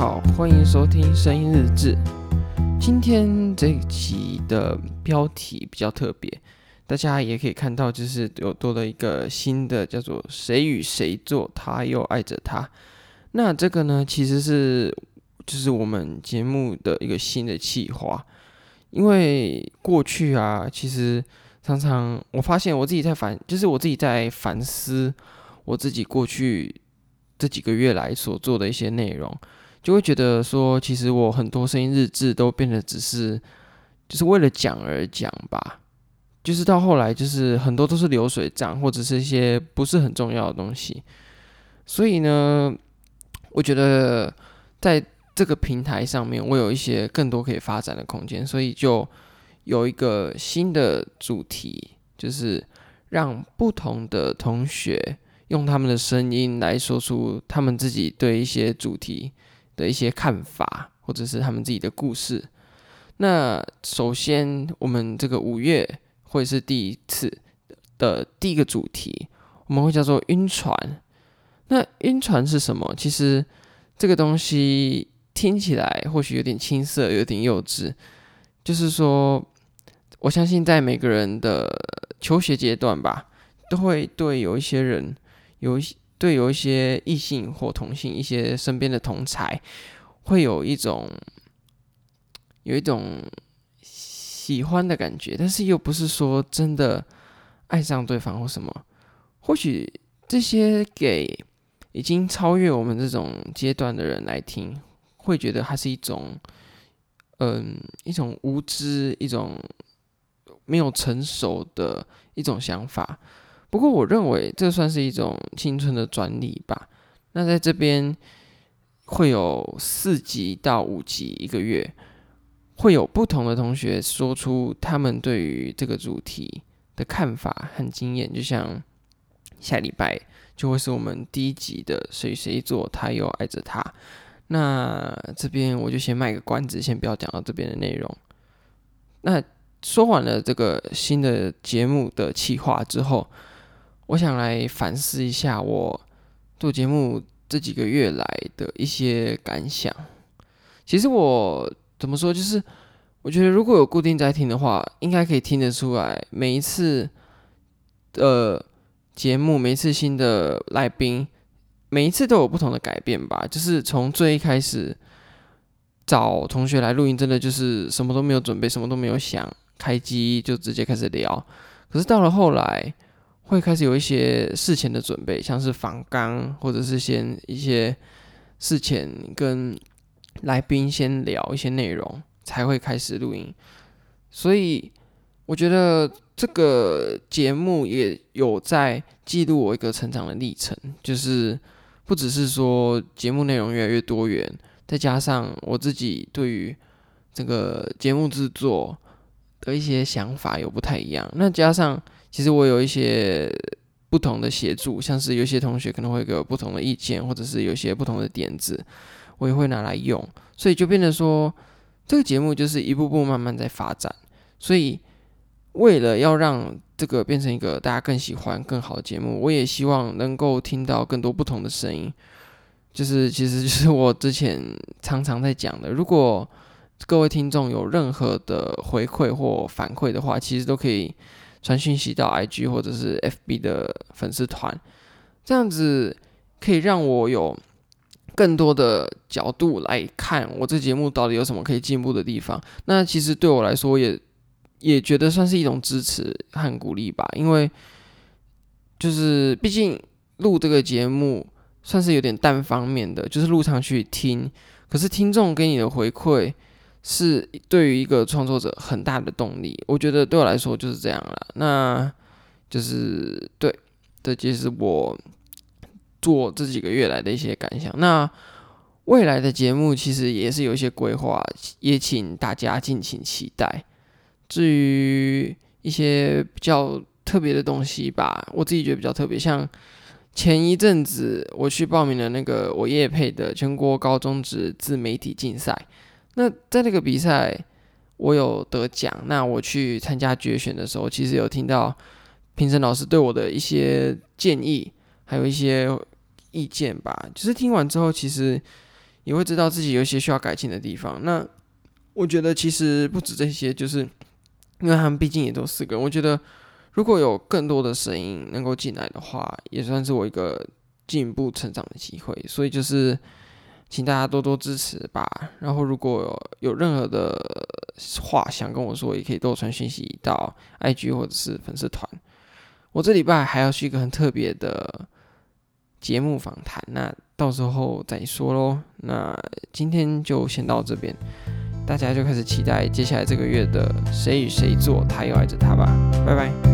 好，歡迎收聽《聲音日誌》。今天這一期的標題比較特別，大家也可以看到，就是有多了一個新的，叫做“誰與誰做，他又愛着她”。那這個呢，其實是就是我們節目的一個新的企劃，因為過去啊，其實常常我發現我自己在反，就是我自己在反思我自己過去這幾個月來所做的一些內容。就會覺得說，其實我很多聲音日誌都變得只是，就是為了講而講吧。就是到後來，就是很多都是流水賬，或者是一些不是很重要的東西。所以呢，我覺得在這個平台上面，我有一些更多可以發展的空間。所以就有一個新的主題，就是讓不同的同學用他們的聲音來說出他們自己對一些主題。的一些看法，或者是他們自己的故事。那首先，我們這個五月會是第一次的第一個主題，我們會叫做暈船。那暈船是什麼？其實這個東西聽起來或許有點青澀，有點幼稚。就是說，我相信在每個人的求學階段吧，都會對有一些人有一些。對，有一些異性或同性，一些身邊的同儕，會有一種有一種喜歡的感覺，但是又不是說真的愛上對方或什麼。或許這些給已經超越我們這種階段的人來聽，會覺得它是一種，嗯，一種無知，一種沒有成熟的一種想法。不過，我認為這算是一種青春的專利吧。那在這邊會有四集到五集，一個月會有不同的同學說出他們對於這個主題的看法和經驗。就像下禮拜就會是我們第一集的誰與誰做他又愛著她。那這邊我就先賣個關子，先不要講到這邊的內容。那說完了這個新的節目的企劃之後，我想來反思一下我做節目這幾個月來的一些感想。其實我怎麼說，就是我覺得如果有固定在聽的話，應該可以聽得出來，每一次的節目，每一次新的來賓，每一次都有不同的改變吧。就是從最一開始找同學來錄音，真的就是什麼都沒有準備，什麼都沒有想，開機就直接開始聊。可是到了後來，會開始有一些事前的準備，像是訪綱或者是先一些事前跟來賓先聊一些內容，才會開始錄音。所以我覺得這個節目也有在記錄我一個成長的歷程，就是不只是說節目內容越來越多元，再加上我自己對於這個節目制作的一些想法有不太一樣，那加上。其實我有一些不同的協助，像是有些同學可能會有不同的意見，或者是有些不同的點子，我也會拿來用。所以就變成說，這個節目就是一步步慢慢在發展。所以為了要讓這個變成一個大家更喜歡、更好的節目，我也希望能夠聽到更多不同的聲音。就是其實就是我之前常常在講的，如果各位聽眾有任何的回饋或反饋的話，其實都可以。傳訊息到 IG 或者是 FB 的粉絲團，這樣子可以讓我有更多的角度來看我這節目到底有什麼可以進步的地方。那其實對我來說，我也也覺得算是一種支持和鼓勵吧，因為就是畢竟錄這個節目算是有點單方面的，就是錄上去聽，可是聽眾給你的回饋是對於一個創作者很大的動力，我覺得對我來說就是這樣了。那就是對，這就是我做這幾個月來的一些感想。那未來的節目其實也是有一些規劃，也請大家敬請期待。至於一些比較特別的東西吧，我自己覺得比較特別，像前一陣子我去報名了那個我業配的全國高中職自媒體競賽。那在那個比賽，我有得獎。那我去參加決選的時候，其實有聽到評審老師對我的一些建議，還有一些意見吧。就是聽完之後，其實也會知道自己有一些需要改進的地方。那我覺得其實不止這些，就是因為他們畢竟也都四個人。我覺得如果有更多的聲音能夠進來的話，也算是我一個進一步成長的機會。所以就是。請大家多多支持吧。然後如果有，有任何的話想跟我說，也可以多傳訊息到 IG 或者是粉絲團。我這禮拜還要去一個很特別的節目訪談，那到時候再說嘍。那今天就先到這邊，大家就開始期待接下來這個月的《誰與誰做》，他又愛着她吧。拜拜。